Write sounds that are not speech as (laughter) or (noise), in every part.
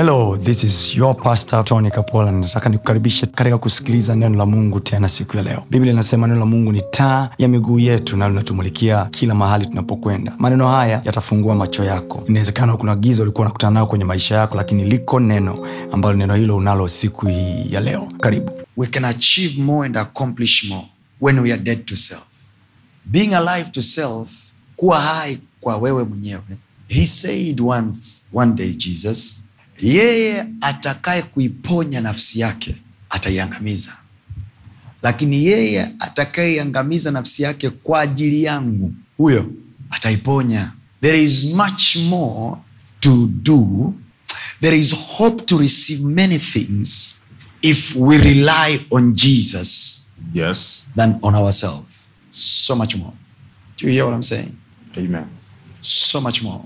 Hello, this is your pastor Tony Kapola. Nataka nikukaribishe katika kusikiliza neno la Mungu tena siku ya leo. Biblia inasema neno la Mungu ni taa ya miguu yetu na linatumulikia kila mahali tunapokwenda. Maneno haya yatafungua macho yako. Inawezekana kuna giza ulikuwa unakutana nayo kwenye maisha yako, lakini liko neno ambalo neno hilo unalo siku hii ya leo. Karibu. We can achieve more and accomplish more when we are dead to self. Being alive to self, kuwa hai kwa wewe mwenyewe. He said once, one day Jesus yeye atakaye kuiponya nafsi yake ataiangamiza lakini yeye atakayeiangamiza nafsi yake kwa ajili yangu huyo ataiponya there is much more to do there is hope to receive many things if we rely on jesus yes. than on ourselves so much more do you hear what i'm saying amen so much more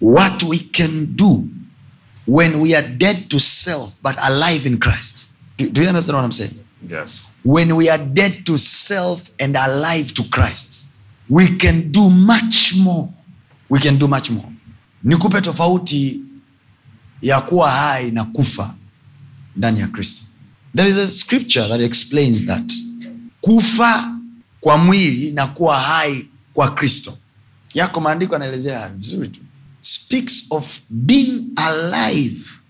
what we can do when we are dead to self but alive in Christ. Do, do, you understand what I'm saying? Yes. When we are dead to self and alive to Christ, we can do much more. We can do much more. Nikupe tofauti ya kuwa hai na kufa ndani ya Kristo. There is a scripture that explains that. Kufa kwa mwili na kuwa hai kwa Kristo. Yako maandiko yanaelezea vizuri tu speaks of being alive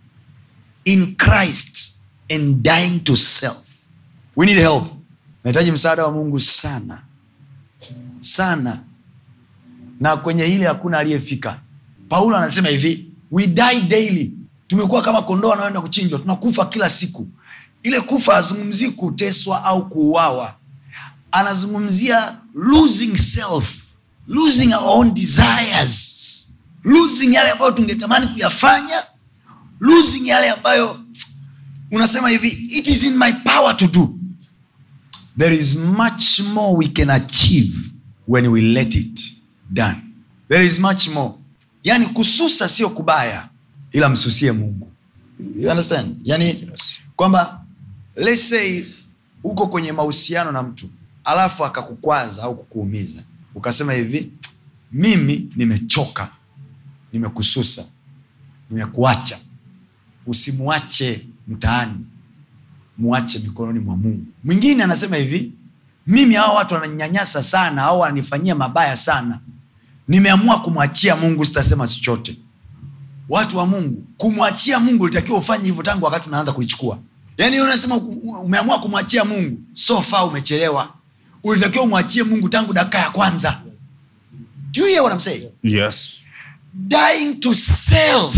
in christ and dying to self we need help nahitaji msaada wa mungu sana sana na kwenye hili hakuna aliyefika paulo anasema hivi we die daily tumekuwa kama kondoo anaoenda kuchinjwa tunakufa kila siku ile kufa azungumzii kuteswa au kuuawa anazungumzia losing self losing our own desires losing yale ambayo tungetamani kuyafanya losing yale ambayo unasema hivi it is in my power to do there is much more we can achieve when we let it done there is much more yani kususa sio kubaya ila msusie mungu you understand yani kwamba let's say uko kwenye mahusiano na mtu alafu akakukwaza au kukuumiza ukasema hivi mimi nimechoka nimekususa nimekuacha usimwache mtaani mwache mikononi mwa mungu mwingine anasema hivi mimi hao watu wananyanyasa sana au wananifanyia mabaya sana nimeamua kumwachia mungu sitasema chochote watu wa mungu kumwachia mungu litakiwa ufanye hivyo tangu wakati unaanza kulichukua yaani unasema umeamua kumwachia mungu sofa umechelewa ulitakiwa umwachie mungu tangu dakika ya kwanza do you hear yes dying to self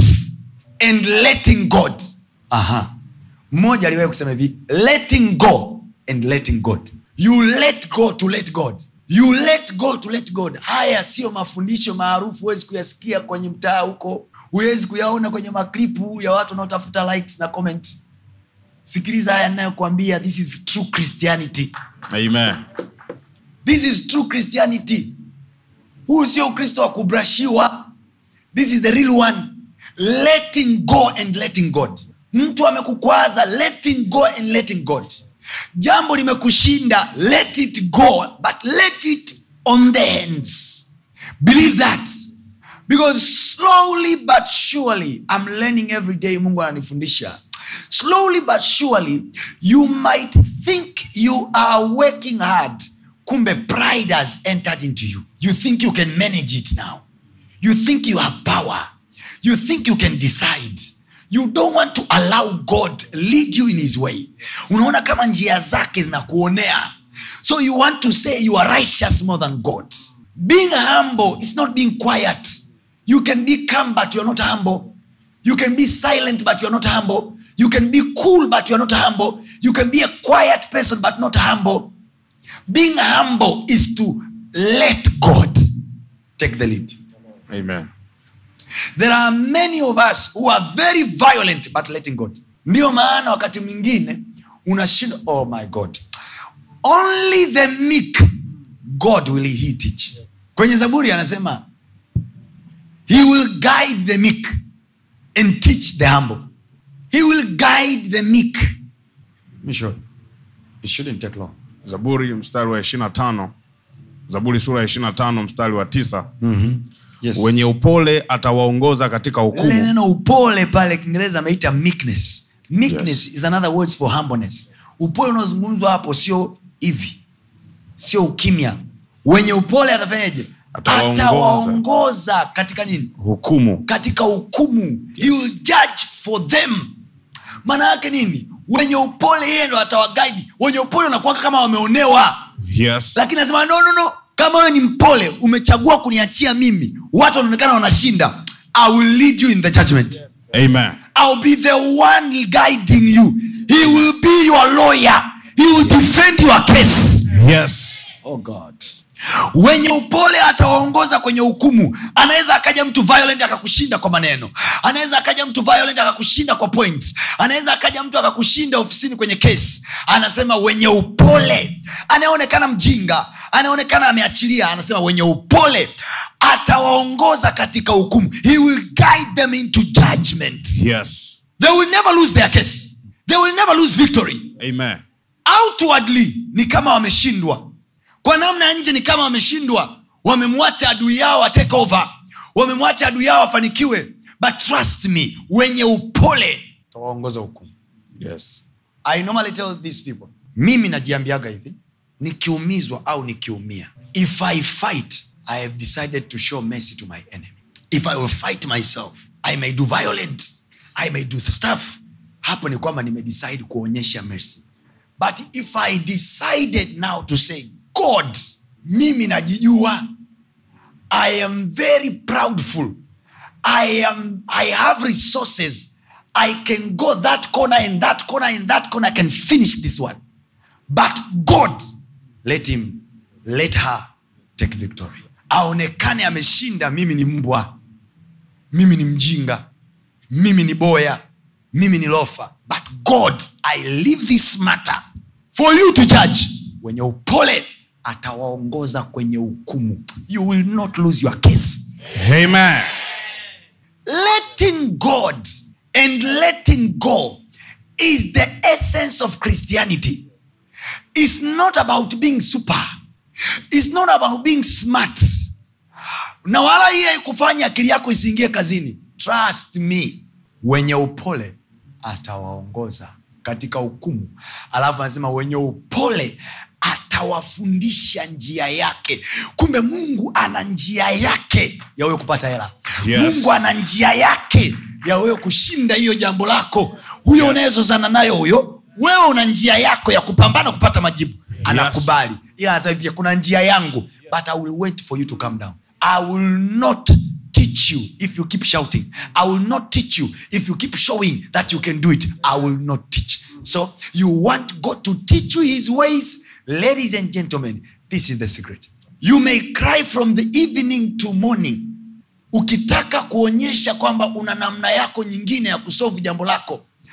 and letting god aha mmoja aliwahi kusema hivi letting go and letting god you let go to let god you let go to let god haya sio mafundisho maarufu huwezi kuyasikia kwenye mtaa huko huwezi kuyaona kwenye maklipu ya watu wanaotafuta likes na comment sikiliza haya nayokuambia this is true christianity Amen. this is true christianity huu sio ukristo wa kubrashiwa this is the real one letting go and letting god mtu amekukwaza letting go and letting god jambo limekushinda let it go but let it on the hands believe that because slowly but surely i'm learning every day mungu ananifundisha slowly but surely you might think you are working hard kumbe pride has entered into you you think you can manage it now you think you have power you think you can decide you don't want to allow god lead you in his way unaona kama njia zake zinakuonea so you want to say you are righteous more than god being humble is not being quiet you can be calm but you are not humble you can be silent but you are not humble you can be cool but you are not humble you can be a quiet person but not humble being humble is to let god take the lead Amen. there are many of us who are very violent but letting god ndiyo maana wakati mwingine unashinda oh my god only the meek god will he teach kwenye zaburi anasema he will guide the meek and teach the humble he will guide the meek Misho, it shouldn't take long zaburi mstari wa 25 tano zaburi sura ya ishirina mstari wa tisa mm yes. wenye upole atawaongoza katika neno upole pale kiingereza ameita meekness meekness yes. is another words for humbleness upole unaozungumzwa hapo sio hivi sio ukimya wenye upole atafanyaje atawaongoza Ata katika nini hukumu katika hukumu yes. judge for them maana yake nini wenye upole yeye ndo atawagaidi wenye upole wanakuwaka kama wameonewa yes. lakini anasema nonono no kama wewe ni mpole umechagua kuniachia mimi watu wanaonekana wanashinda i will lead you in the judgment Amen. i'll be the one guiding you he will be your lawyer he will defend your case yes. oh God wenye upole atawaongoza kwenye hukumu anaweza akaja mtu violent akakushinda kwa maneno anaweza akaja mtu violent akakushinda kwa point anaweza akaja mtu akakushinda ofisini kwenye kesi anasema wenye upole anayeonekana mjinga anaonekana ameachilia anasema wenye upole atawaongoza katika hukumu he will guide them into judgment yes. they will never lose their case they will never lose victory Amen. outwardly ni kama wameshindwa kwa namna ya nje ni kama wameshindwa wamemwacha adui yao atake over wamemwacha adui yao wafanikiwe but trust me wenye upole tawaongoza hukumu yes. i normally tell these people mimi najiambiaga hivi nikiumizwa au nikiumia if i fight i have decided to show mercy to my enemy if i will fight myself i may do violence i may do stuff hapo ni kwamba nimedecide kuonyesha mercy but if i decided now to say god mimi najijua i am very proudful i am i have resources i can go that corner and that corner and that corner i can finish this one but god let him let her take victory aonekane ameshinda mimi ni mbwa mimi ni mjinga mimi ni boya mimi ni lofa but god i leave this matter for you to judge wenye upole atawaongoza kwenye hukumu you will not lose your case amen letting god and letting go is the essence of christianity is not about being super is not about being smart na wala hii haikufanya akili yako isiingie kazini trust me wenye upole atawaongoza katika hukumu alafu anasema wenye upole atawafundisha njia yake kumbe mungu ana njia yake ya kupata hela yes. mungu ana njia yake ya kushinda hiyo jambo lako huyo yes. unayezozana nayo huyo wewe una njia yako ya kupambana kupata majibu yes. anakubali yes. ila anasema kuna njia yangu but i will wait for you to come down i will not teach you if you keep shouting i will not teach you if you keep showing that you can do it i will not teach so you want god to teach you his ways ladies and gentlemen this is the secret you may cry from the evening to morning ukitaka kuonyesha kwamba una namna yako nyingine ya kusovu jambo lako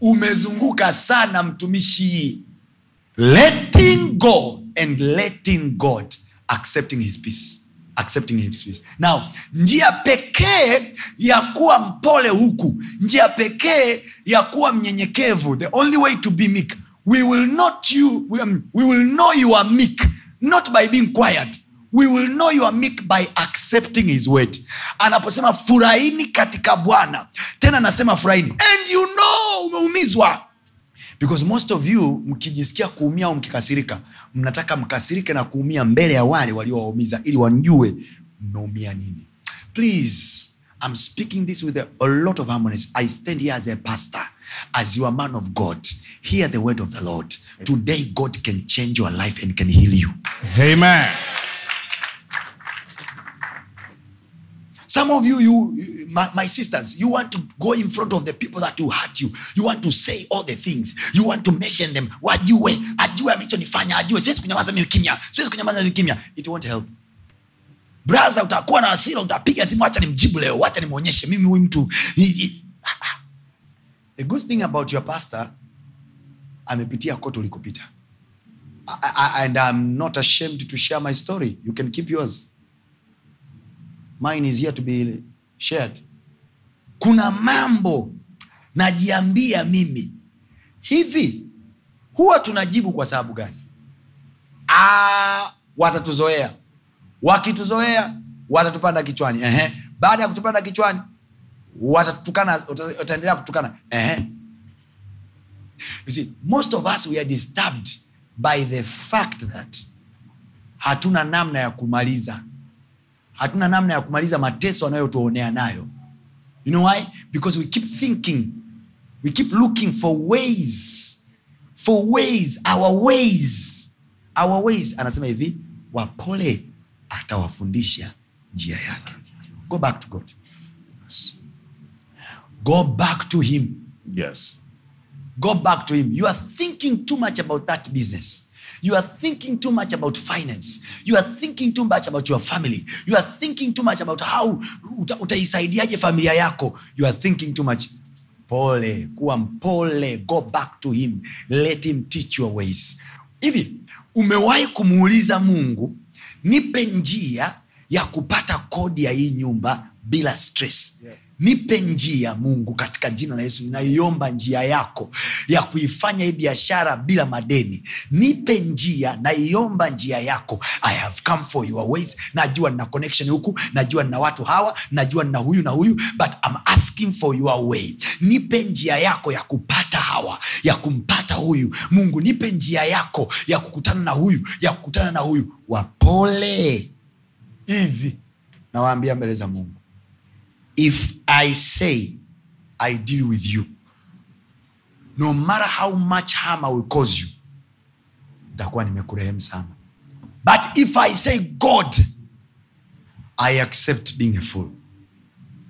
umezunguka sana mtumishi letting go and letting god accepting his peace accepting his peace now njia pekee ya kuwa mpole huku njia pekee ya kuwa mnyenyekevu the only way to be meek we will not you we, um, will know you are meek not by being quiet we will know meek by accepting his anaposema furahini katika bwana tena anasema furahini and you know umeumizwa because most of you mkijisikia kuumia au mkikasirika mnataka mkasirike na kuumia mbele ya wale waliowaumiza ili wanjue mmeumia nini please i'm speaking this with a, a lot of harmonies i stand here as a pastor as man of god hear the word of the lord today god can change your life and can heal you amen Some of you, you, you my, my, sisters, you want to go in front of the people that will hurt you. You want to say all the things. You want to mention them. Wajue, ajue amechonifanya, ajue. Siwezi kunyamaza mimi kimya, siwezi kunyamaza mimi kimya. It won't help. Braza, utakuwa na hasira, utapiga simu, wacha nimjibu leo, wacha nimwonyeshe mimi huyu mtu. The good thing about your pastor, amepitia kote ulikopita. And I'm not ashamed to share my story. You can keep yours mine is here to be shared kuna mambo najiambia mimi hivi huwa tunajibu kwa sababu gani Aa, watatuzoea wakituzoea watatupanda kichwani Ehe. baada ya kutupanda kichwani watatukana wataendelea kutukana Ehe. You see, most of us we are disturbed by the fact that hatuna namna ya kumaliza hatuna namna ya kumaliza mateso anayotuonea nayo you know why because we keep thinking we keep looking for ways for ways our ways our ways anasema hivi wapole atawafundisha njia yake go back to god go back to him yes go back to him you are thinking too much about that business You are thinking too much about finance. You are thinking too much about your family. You are thinking too much about how uta, utaisaidiaje familia yako. You are thinking too much. Pole, kuwa mpole, go back to him. Let him teach your ways. Hivi umewahi kumuuliza Mungu, nipe njia ya kupata kodi ya hii nyumba bila stress. Yes nipe njia mungu katika jina la yesu ninaiomba njia yako ya kuifanya hii biashara bila madeni nipe njia naiomba njia yako i have come for your ways najua nina connection huku najua nina watu hawa najua nina huyu na huyu but I'm asking for your way nipe njia yako ya kupata hawa ya kumpata huyu mungu nipe njia yako ya kukutana na huyu ya kukutana na huyu wapole hivi nawaambia mbele za mungu if I say, I deal with you. No matter how much harm I will cause you, nitakuwa nimekurehemu sana. But if I say God, I accept being a fool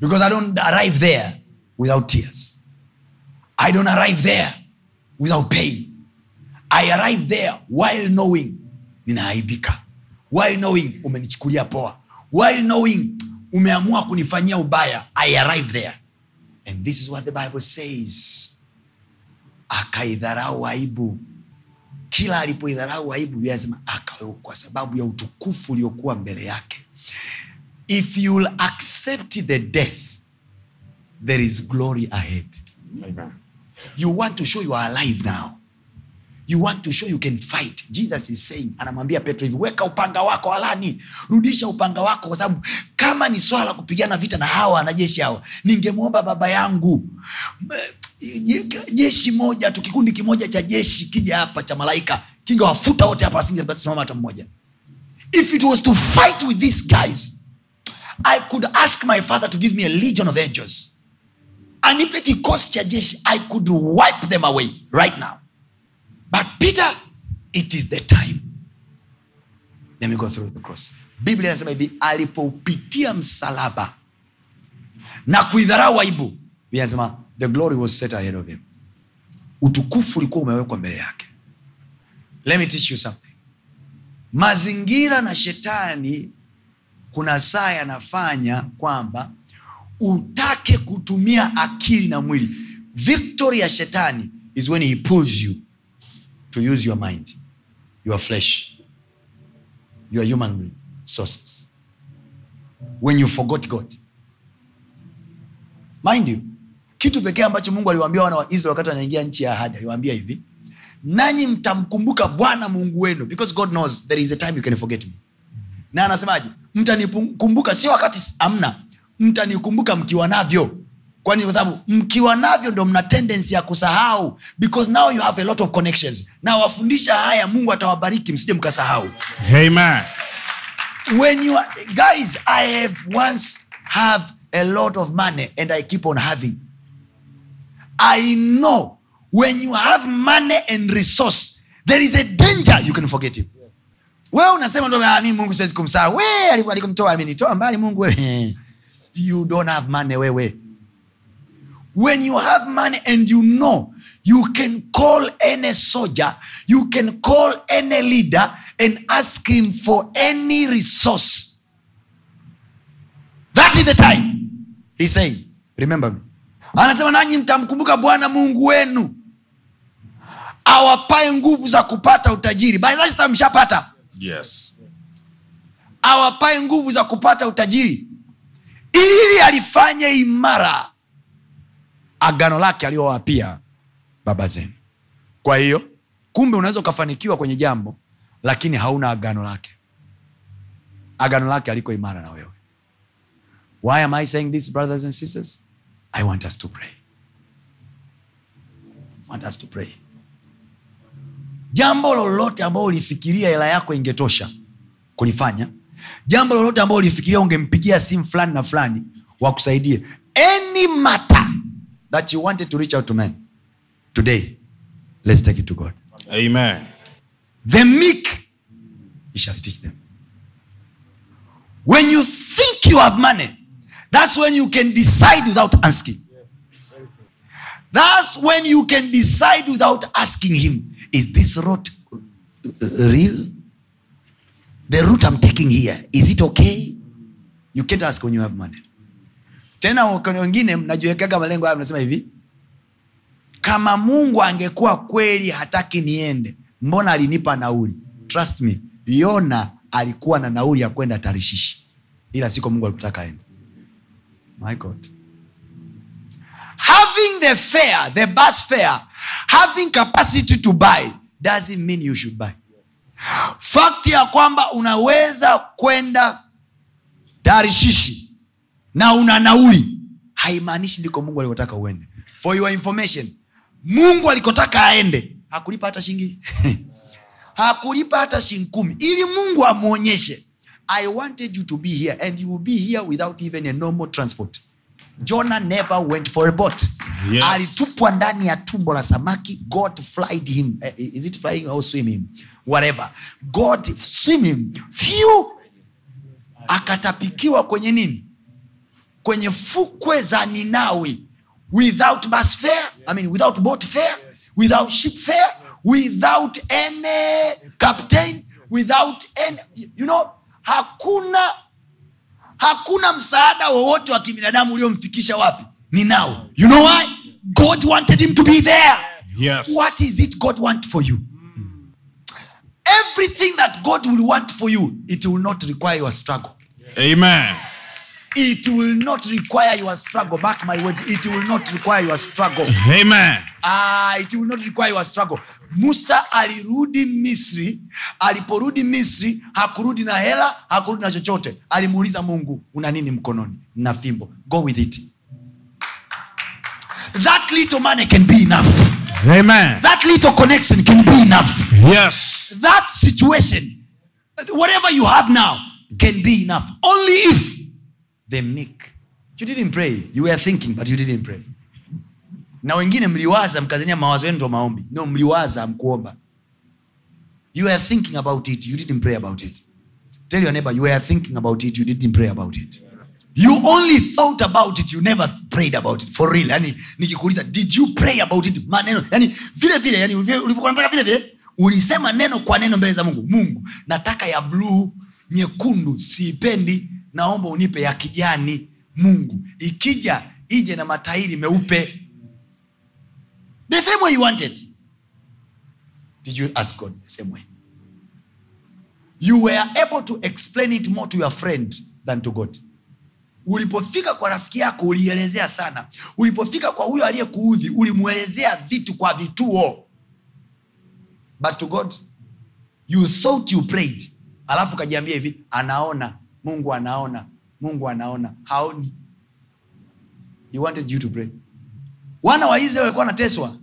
because I don't arrive there without tears. I don't arrive there without pain. I arrive there while knowing ninaaibika, while knowing umenichukulia poa, while knowing umeamua kunifanyia ubaya i arrive there and this is what the bible says akaidharau aibu kila alipoidharau aibu biblia anasema kwa sababu ya utukufu uliokuwa mbele yake if you accept the death there is glory ahead Amen. you want to show you are alive now you want to show you can fight jesus is saying anamwambia petro hivi weka upanga wako alani rudisha upanga wako kwa sababu kama ni swala la kupigana vita na hawa na jeshi hawa ningemwomba baba yangu jeshi moja tu kikundi kimoja cha jeshi kija hapa cha malaika kingewafuta wote hapa asingesimama hata mmoja if it was to fight with these guys i could ask my father to give me a legion of angels anipe kikosi cha jeshi i could wipe them away right now but peter it is the time let me go through the cross biblia inasema hivi alipoupitia msalaba na kuidharau aibu inasema the glory was set ahead of him utukufu ulikuwa umewekwa mbele yake let me teach you something mazingira na shetani kuna saa yanafanya kwamba utake kutumia akili na mwili victory ya shetani is when he pulls you to use your mind, your flesh, your human resources. When you forgot God. Mind you, kitu pekee ambacho Mungu aliwaambia wana wa Israeli wakati wanaingia nchi ya ahadi, aliwaambia hivi, nanyi mtamkumbuka Bwana Mungu wenu because God knows there is a time you can forget me. Na anasemaje? Mtanikumbuka sio wakati amna, mtanikumbuka mkiwa navyo kwani kwa sababu mkiwa navyo ndo mna tendensi ya kusahau because now you have a lot of connections na wafundisha haya mungu atawabariki msije mkasahau Amen. when you are, guys i have once have a lot of money and i keep on having i know when you have money and resource there is a danger you can forget him yes. we unasema ah, mi mungu siwezi kumsaa we alikomtoa amenitoa mbali mungu wewe (laughs) you don't have money wewe we when you have money and you know you can call any soldier you can call any leader and ask him for any resource that is the time he saying remember me anasema nanyi mtamkumbuka bwana mungu wenu awapae nguvu za kupata utajiri by that time mshapata yes awapae nguvu za kupata utajiri ili alifanye imara agano lake aliyowaapia baba zenu kwa hiyo kumbe unaweza ukafanikiwa kwenye jambo lakini hauna agano lake agano lake aliko imara na wewe why am i saying this brothers and sisters i want us to pray want us to pray jambo lolote ambao ulifikiria hela yako ingetosha kulifanya jambo lolote ambao ulifikiria ungempigia simu fulani na fulani wakusaidie any matter that you wanted to reach out to men today let's take it to god amen the meek he shall teach them when you think you have money that's when you can decide without asking that's when you can decide without asking him is this road uh, real the route i'm taking here is it okay you can't ask when you have money tena wengine mnajiwekaga malengo hayo mnasema hivi kama mungu angekuwa kweli hataki niende mbona alinipa nauli trust me yona alikuwa na nauli ya kwenda tarishishi ila siko mungu alikutaka ende my god having the fare the bus fare having capacity to buy doesn't mean you should buy fakti ya kwamba unaweza kwenda tarishishi na una nauli haimaanishi ndiko mungu alikotaka uende for your information mungu alikotaka aende hakulipa hata shingi (laughs) hakulipa hata shingi kumi ili mungu amwonyeshe i wanted you to be here and you will be here without even a normal transport jona never went for a bot yes. alitupwa ndani ya tumbo la samaki god flied him eh, is it flying or swimming whatever god swimming him few akatapikiwa kwenye nini kwenye fukwe za ninawi without bus fare, yeah. I mean, without boat fare, yes. without ship fare, yes. without any captain, without any, you know, hakuna hakuna msaada wowote wa kibinadamu uliomfikisha wapi ninawi you know why god wanted him to be there yes. what is it god want for you everything that god will want for you it will not require your struggle amen it will not require your struggle back my words it will not require your struggle amen uh, it will not require your struggle musa alirudi misri aliporudi misri hakurudi na hela hakurudi na chochote alimuuliza mungu una nini mkononi na fimbo go with it that little money can be enough amen that little connection can be enough yes that situation whatever you have now can be enough only if the meek you didn't pray you were thinking but you didn't pray na wengine mliwaza mkazania mawazo yenu ndo maombi no mliwaza mkuomba you were thinking about it you didn't pray about it tell your neighbor you were thinking about it you didn't pray about it you only thought about it you never prayed about it for real yani nikikuliza, did you pray about it maneno yani vile vile yani nataka vile vile ulisema neno kwa neno mbele za mungu mungu nataka ya bluu nyekundu siipendi naomba unipe ya kijani mungu ikija ije na matairi meupe the same way you wanted did you ask god the same way you were able to explain it more to your friend than to god ulipofika kwa rafiki yako ulielezea sana ulipofika kwa huyo aliyekuudhi ulimwelezea vitu kwa vituo but to god you thought you prayed alafu kajiambia hivi anaona Mungu anaona, Mungu anaona, haoni. He wanted you to pray. Wana wa Israeli walikuwa wanateswa,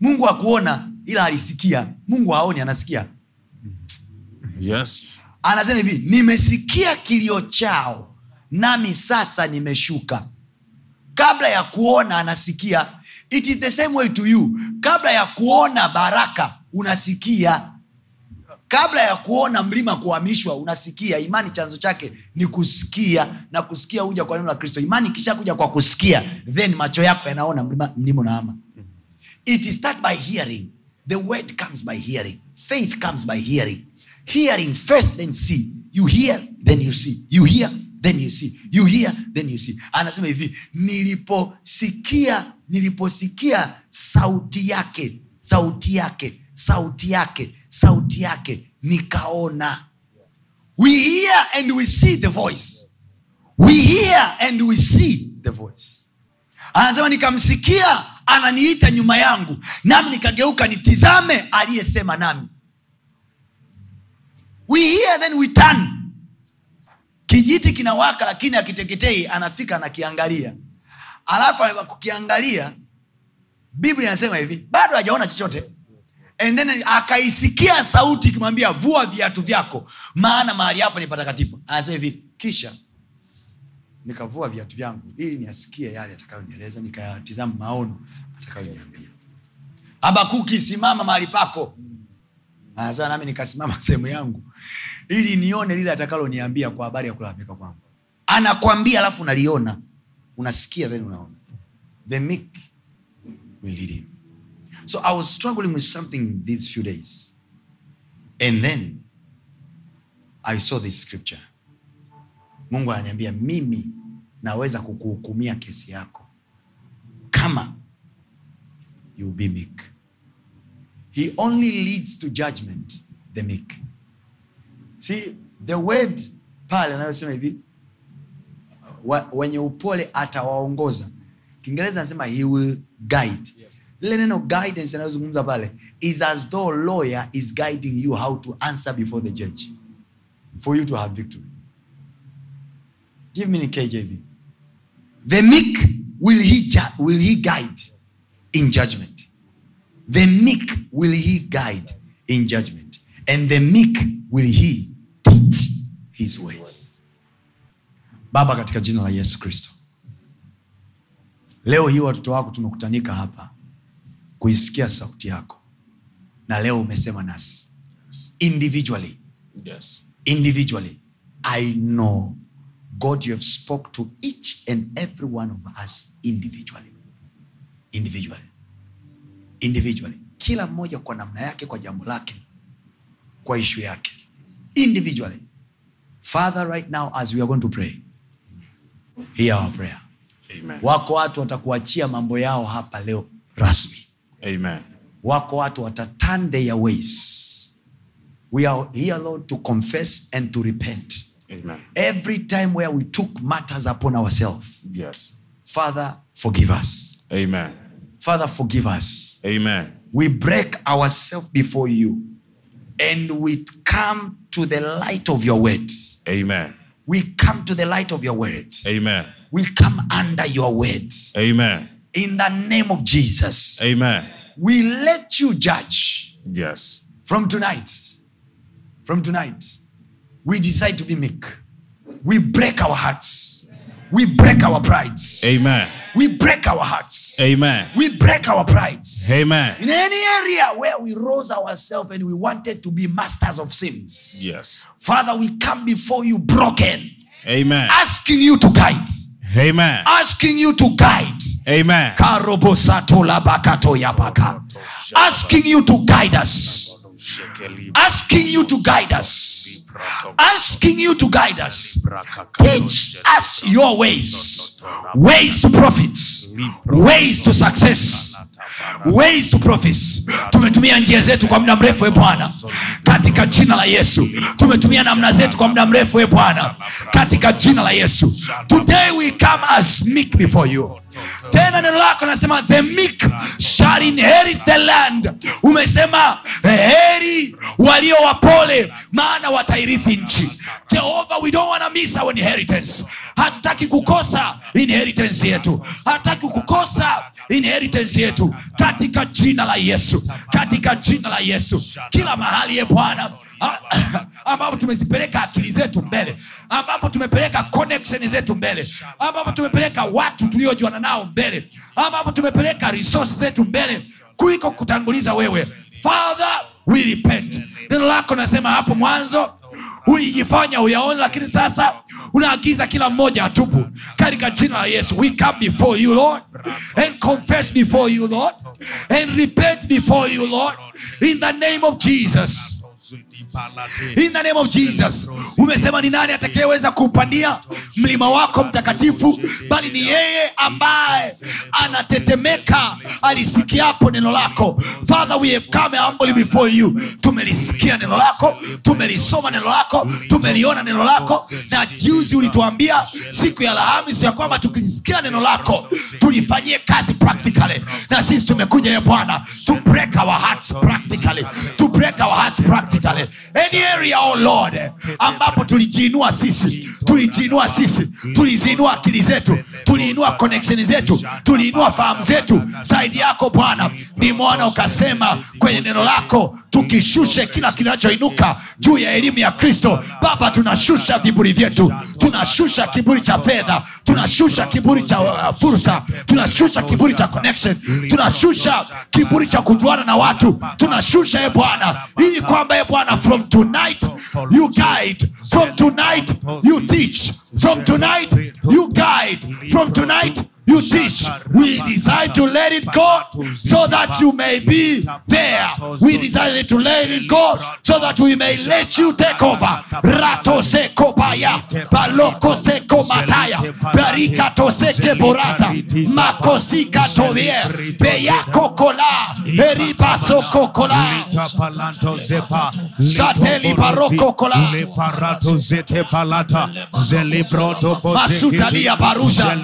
Mungu hakuona ila alisikia. Mungu haoni, anasikia. Yes. Anasema hivi, nimesikia kilio chao, nami sasa nimeshuka. Kabla ya kuona anasikia. It is the same way to you. Kabla ya kuona baraka unasikia kabla ya kuona mlima kuhamishwa unasikia imani chanzo chake ni kusikia na kusikia huja kwa neno la kristo imani kuja kwa kusikia then macho yako yanaona mlima, mlima unaama it is start by hearing the word comes by hearing faith comes by hearing hearing first then see you hear then you see you hear then you see you hear then you see anasema hivi niliposikia niliposikia sauti yake sauti yake sauti yake sauti yake nikaona we hear and we see the voice we hear and we see the voice anasema nikamsikia ananiita nyuma yangu nami nikageuka nitizame aliyesema nami we hear then we turn kijiti kinawaka lakini akiteketei anafika anakiangalia alafu kukiangalia biblia inasema hivi bado hajaona chochote and then akaisikia sauti ikimwambia vua viatu vyako maana mahali hapo ni patakatifu anasema hivi kisha nikavua viatu vyangu ili niasikie yale atakayonieleza nikayatizama maono atakayoniambia abakuki simama mahali pako anasema nami nikasimama (laughs) sehemu yangu ili nione lile atakaloniambia kwa habari ya kulalamika kwangu anakwambia alafu unaliona unasikia then unaona the meek will lead him So I was struggling with something these few days. And then I saw this scripture. Mungu ananiambia mimi naweza kukuhukumia kesi yako kama you be meek. He only leads to judgment the meek. See, the word pale anayosema hivi wenye upole atawaongoza. Kiingereza anasema he will guide lile neno guidance anayozungumza pale is as though lawyer is guiding you how to answer before the judge for you to have victory give me the kjv the meek will he, will he guide in judgment the meek will he guide in judgment and the meek will he teach his ways baba katika jina la yesu kristo leo hii watoto wako tumekutanika hapa kuisikia sauti yako na leo umesema nasi individually yes. individually i know god you have spoke to each and every one of us individually individually individually kila mmoja kwa namna yake kwa jambo lake kwa ishu yake individually father right now as we are going to pray hear our prayer Amen. wako watu watakuachia mambo yao hapa leo rasmi Amen. Wako watu wataturn their ways. We are here, Lord, to confess and to repent. Amen. Every time where we took matters upon ourselves. Yes. Father, forgive us. Amen. Father, forgive us. Amen. We break ourselves before you and we come to the light of your words. Amen. We come to the light of your words. Amen. We come under your words. Amen. In the name of Jesus. Amen. We let you judge. Yes. From tonight, from tonight, we decide to be meek. We break our hearts. We break our prides. Amen. We break our hearts. Amen. We break our prides. Amen. In any area where we rose ourselves and we wanted to be masters of sins. Yes. Father, we come before you broken. Amen. Asking you to guide. Amen. Asking you to guide. Amen. Asking you to guide us. Asking you to guide us. Asking you to guide us. Teach us your ways. Ways to profit. Ways to success. ways to prophesy tumetumia njia zetu kwa muda mrefu e bwana katika jina la yesu tumetumia namna zetu kwa muda mrefu e bwana katika jina la yesu today we come as meek before you tena neno lako nasema the meek shall inherit the land umesema heri walio wapole maana watairithi nchi jehova we don't wanna miss our inheritance hatutaki kukosa inheritance yetu hatutaki kukosa inheritance yetu katika jina la yesu katika jina la yesu kila mahali ye ee bwana ambapo tumezipeleka akili zetu mbele ambapo tumepeleka connection zetu mbele ambapo tumepeleka watu tuliojuana nao mbele ambapo tumepeleka resource zetu mbele kuliko kutanguliza wewe father we repent neno lako nasema hapo mwanzo huijifanya huyaona lakini sasa unaagiza kila mmoja atubu katika jina la yesu we come before you lord and confess before you lord and repent before you lord in the name of jesus in the name of jesus umesema ni nani atakayeweza kuupandia mlima wako mtakatifu bali ni yeye ambaye anatetemeka alisikiapo neno lako father we have come humbly before you tumelisikia neno lako tumelisoma neno lako tumeliona neno lako na juzi ulituambia siku ya alhamis ya kwamba tukilisikia neno lako tulifanyie kazi practically na sisi tumekuja ye bwana to break our hearts practically to break our hearts practically any area oh lord ambapo tulijiinua sisi tulijiinua sisi tuliziinua akili zetu tuliinua connection zetu tuliinua fahamu zetu saidi yako bwana ndimwana ukasema kwenye neno lako tukishushe kila kinachoinuka juu ya elimu ya kristo baba tunashusha viburi vyetu tunashusha kiburi cha fedha tunashusha kiburi cha uh, fursa tunashusha kiburi cha connection tunashusha kiburi cha kujuana na watu tunashusha e bwana ili kwamba e bwana from tonight you guide from tonight you teach from tonight you guide from tonight you teach. We decide to let it go so that you may be there. We decided to let it go so that we may let you take over. Rato seko baya, baloko seko mataya, barika to seke borata, makosika tovie, beyako kola, eriba soko kola, zateli baroko kola, zete palata, zelibroto, masutalia baruza,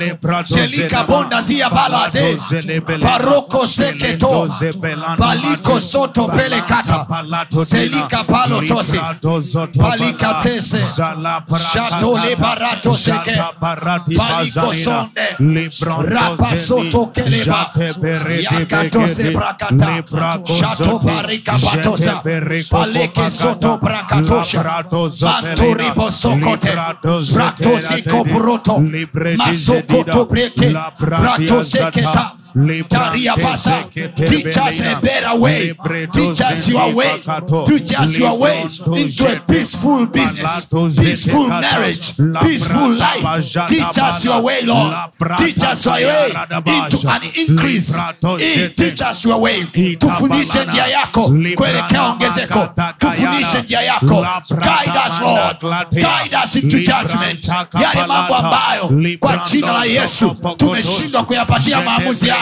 zelibroto Kabonda zia balate. Paroko seketo. Baliko soto pele kata. Selika palo tose. Palika tese. Shato le barato seke. Baliko sonde. Rapa soto keleba. Yakato se brakata. Shato barika batosa. Paleke soto brakatosha. Baturibo sokote. Bratosiko broto. Masokoto breke. Brato Teach us a better way. Teach us your way. Teach us your way into a peaceful business, peaceful marriage, peaceful life. Teach us your way, Lord. Teach us your way into an increase. Teach us your way. Tufundishe njia yako kuelekea ongezeko. Tufundishe njia yako. Guide us, Lord. Guide us into judgment. Yale mambo ambayo kwa jina la Yesu tumeshindwa kuyapatia maamuzi yao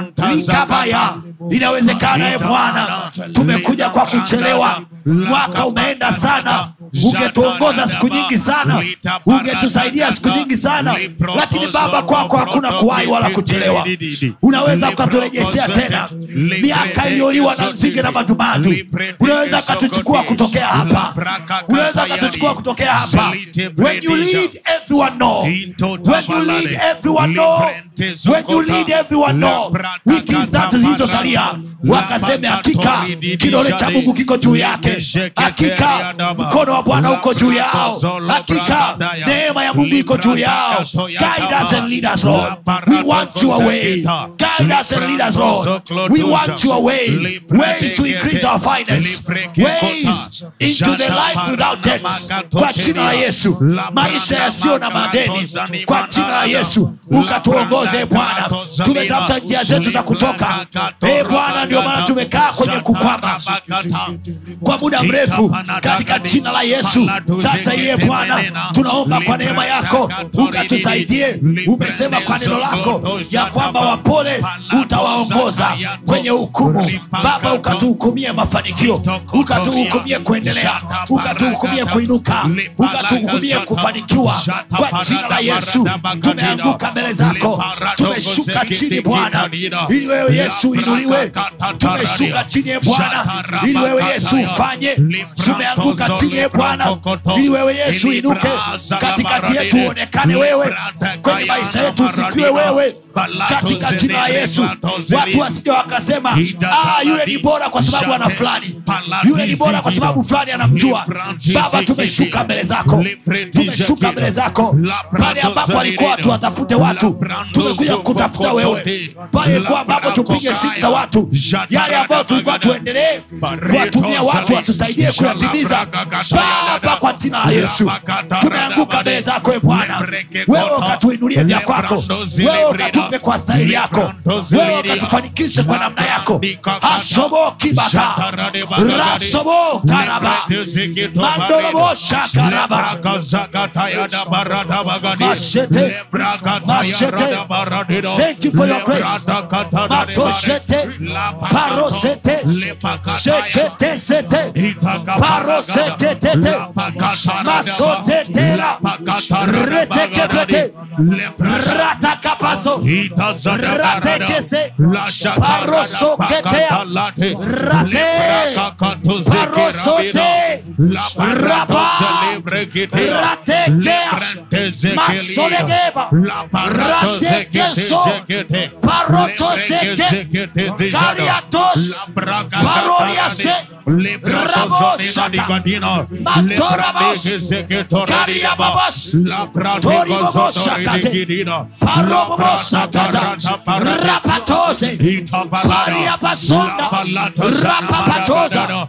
likabaya inawezekana ye eh, bwana tumekuja kwa kuchelewa mwaka umeenda sana ungetuongoza siku nyingi sana ungetusaidia siku nyingi sana lakini baba kwako kwa hakuna kuwai wala kuchelewa unaweza ukaturejeshea tena miaka iliyoliwa na nzige na matumatu unaweza ukatuchukua kutokea hapa unaweza ukatuchukua kutokea hapa when you lead everyone know when you lead everyone know when you lead everyone know wiki tatu zilizosalia wakaseme hakika kidole cha mungu kiko juu yake hakika mkono wa bwana uko juu yao hakika neema ya mungu iko juu yao kwa jina la yesu maisha yasiyo na madeni kwa jina la yesu ukatuongoze bwana tumetafuta njia zetu zetu za kutoka e bwana ndio maana tumekaa kwenye kukwama kwa muda mrefu katika jina la yesu sasa iye bwana tunaomba kwa neema yako ukatusaidie umesema kwa neno lako ya kwamba wapole utawaongoza kwenye hukumu baba ukatuhukumie mafanikio ukatuhukumie kuendelea ukatuhukumie kuinuka ukatuhukumie kufanikiwa kwa jina la yesu tumeanguka mbele zako tumeshuka chini bwana ili wewe Yesu inuliwe. Tumeshuka chini ye Bwana, ili wewe Yesu ufanye. Tumeanguka chini ye Bwana, ili wewe Yesu inuke katikati yetu, uonekane wewe kwenye maisha yetu, usifiwe wewe katika jina la yesu watu wasija wakasema ah, yule ni bora kwa sababu ana fulani yule ni bora kwa sababu fulani anamjua baba tumeshuka mbele zako tumeshuka mbele zako pale ambapo walikuwa tuwatafute watu tumekuja kutafuta wewe pale kuwa ambapo tupige simu za watu yale ambayo tulikuwa tuendelee kuwatumia watu watusaidie kuyatimiza baba kwa jina la yesu tumeanguka mbele zako e bwana wewe ukatuinulie vya kwako wewe ukatu tuombe kwa staili yako wewe ukatufanikishe kwa namna yako hasobo kibaka rasobo karaba mandorobo karaba mashete mashete thank you for your grace matoshete parosete shekete sete parosete tete masotetera retekepete ratakapaso que Ratekese, Parrosoketea, Rate, la Rapa, Ratekea, Masolegeba, Ratekeso, Parrotosekete, Cariatos, Paroriase, Rabosaka, Carababos, Carababos, satata rapatose sharia basonda rapapatosa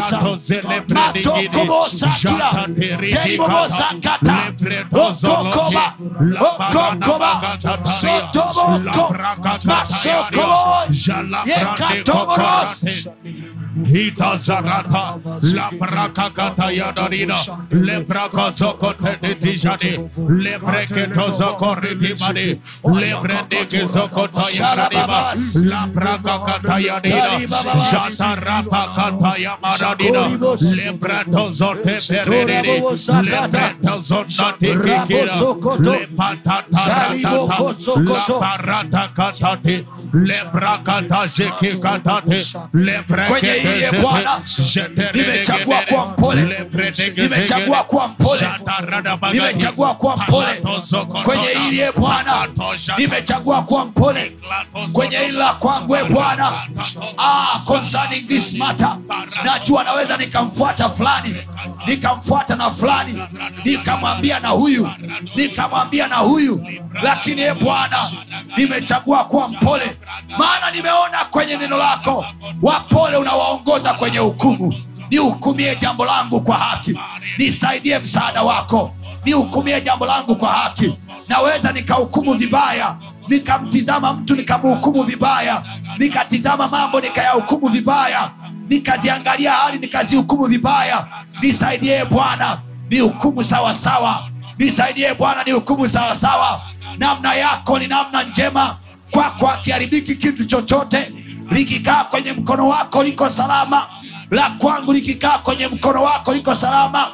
Bobosa, Mato Cobosa, Debobosa Cata, Ocoba, Ocoba, Sotobo, Masocobo, Yecatoboros. Hita Zarata, Lapraka Kataya Dorina, Lepraka Zokote Tijani, Lepreketo Zokori Tibani, Leprendiki Zokotaya Dima, Lapraka Kataya Dina, Jatarapa Kataya Maradina, Lepreto Zote Perini, Lepreto Zonati Kikira, Lepatata Ratata, Laparata Katati, Leprakata Tajiki Katati, Lepreketo nilie Bwana, nimechagua kuwa mpole, nimechagua kuwa mpole, nimechagua kuwa mpole kwenye ilie ee Bwana, nimechagua kuwa mpole kwenye ila kwangwe ee Bwana. Ah, concerning this matter, najua naweza nikamfuata fulani, nikamfuata na fulani, nikamwambia na huyu, nikamwambia na huyu, lakini e Bwana, nimechagua kuwa mpole, maana nimeona kwenye neno lako wapole unawaona utaongoza kwenye hukumu nihukumie jambo langu kwa haki nisaidie msaada wako nihukumie jambo langu kwa haki naweza nikahukumu vibaya nikamtizama mtu nikamhukumu vibaya nikatizama mambo nikayahukumu vibaya nikaziangalia hali nikazihukumu vibaya nisaidie bwana nihukumu sawasawa nisaidie bwana nihukumu sawasawa namna yako ni namna njema kwako akiharibiki kitu chochote likikaa kwenye mkono wako liko salama la kwangu likikaa kwenye mkono wako liko salama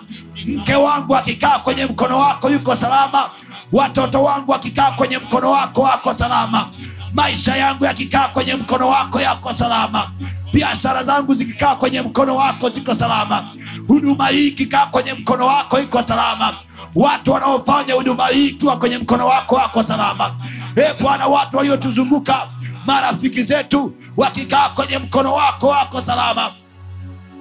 mke wangu akikaa kwenye mkono wako yuko salama watoto wangu akikaa kwenye mkono wako wako salama maisha yangu yakikaa kwenye mkono wako yako salama biashara zangu zikikaa kwenye mkono wako ziko salama huduma hii ikikaa kwenye mkono wako iko salama watu wanaofanya huduma hii ikiwa kwenye mkono wako wako salama e bwana watu waliotuzunguka marafiki zetu wakikaa kwenye mkono wako wako salama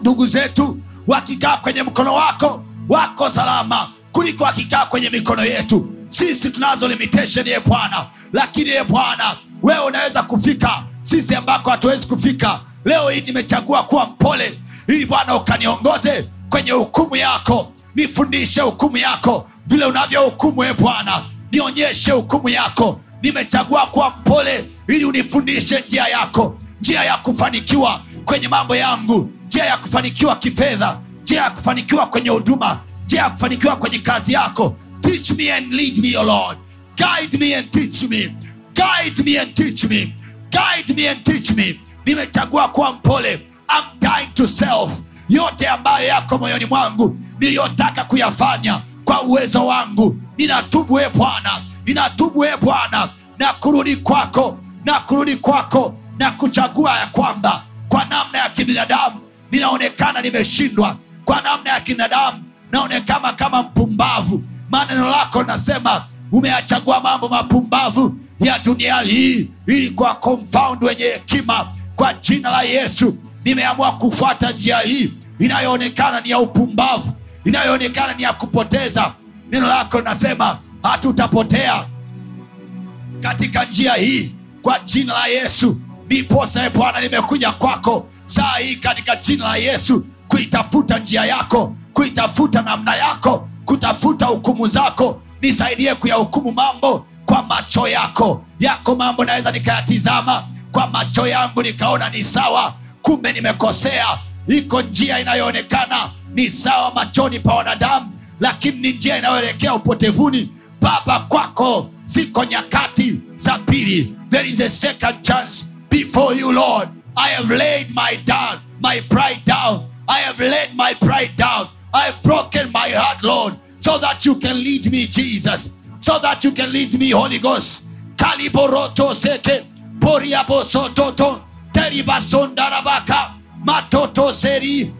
ndugu zetu wakikaa kwenye mkono wako wako salama kuliko wakikaa kwenye mikono yetu sisi tunazo limitation ye ee bwana lakini ye ee bwana wewe unaweza kufika sisi ambako hatuwezi kufika leo hii nimechagua kuwa mpole ili bwana ukaniongoze kwenye hukumu yako nifundishe hukumu yako vile unavyo hukumu e ee bwana nionyeshe hukumu yako nimechagua kuwa mpole ili unifundishe njia yako njia ya kufanikiwa kwenye mambo yangu njia ya kufanikiwa kifedha njia ya kufanikiwa kwenye huduma njia ya kufanikiwa kwenye kazi yako teach me and lead me o lord guide me and teach me guide me and teach me guide me and teach me nimechagua kuwa mpole I'm dying to self yote ambayo yako moyoni mwangu niliyotaka kuyafanya kwa uwezo wangu ninatubu e bwana ninatubu e bwana na kurudi kwako na kurudi kwako na kuchagua ya kwamba kwa namna ya kibinadamu ninaonekana nimeshindwa kwa namna ya kibinadamu naonekana kama mpumbavu maana neno lako linasema umeyachagua mambo mapumbavu ya dunia hii ili kwa confound wenye hekima kwa jina la yesu nimeamua kufuata njia hii inayoonekana ni ya upumbavu inayoonekana ni ya kupoteza neno lako linasema hatutapotea katika njia hii kwa jina la yesu niposae ee bwana nimekuja kwako saa hii katika jina la yesu kuitafuta njia yako kuitafuta namna yako kutafuta hukumu zako nisaidie kuyahukumu mambo kwa macho yako yako mambo naweza nikayatizama kwa macho yangu nikaona ni sawa kumbe nimekosea iko njia inayoonekana ni sawa machoni pa wanadamu lakini ni njia inayoelekea upotevuni baba kwako ziko nyakati za pili there is a second chance before you lord i have laid my down my pride down i have laid my pride down i have broken my heart lord so that you can lead me jesus so that you can lead me holy ghost kaliboroto seke boriabosototo teribasondarabaka matoto seri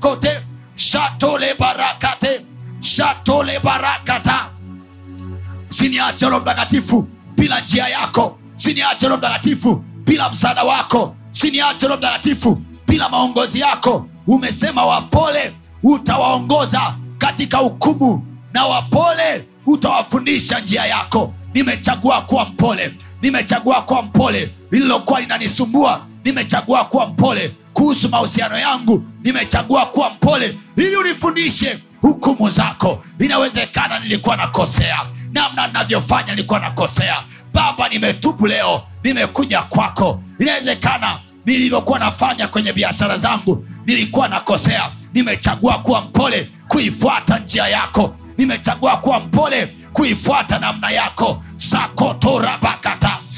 kote shatole barakate shatole barakata siniache roho mtakatifu bila njia yako siniache roho mtakatifu bila msaada wako siniache roho mtakatifu bila maongozi yako umesema wapole utawaongoza katika hukumu na wapole utawafundisha njia yako nimechagua kuwa mpole nimechagua kuwa mpole lililokuwa linanisumbua nimechagua kuwa mpole kuhusu mahusiano yangu nimechagua kuwa mpole ili unifundishe hukumu zako inawezekana nilikuwa nakosea namna navyofanya nilikuwa nakosea baba nimetubu leo nimekuja kwako inawezekana nilivyokuwa nafanya kwenye biashara zangu nilikuwa nakosea nimechagua kuwa mpole kuifuata njia yako nimechagua kuwa mpole kuifuata namna yako sakotorabakata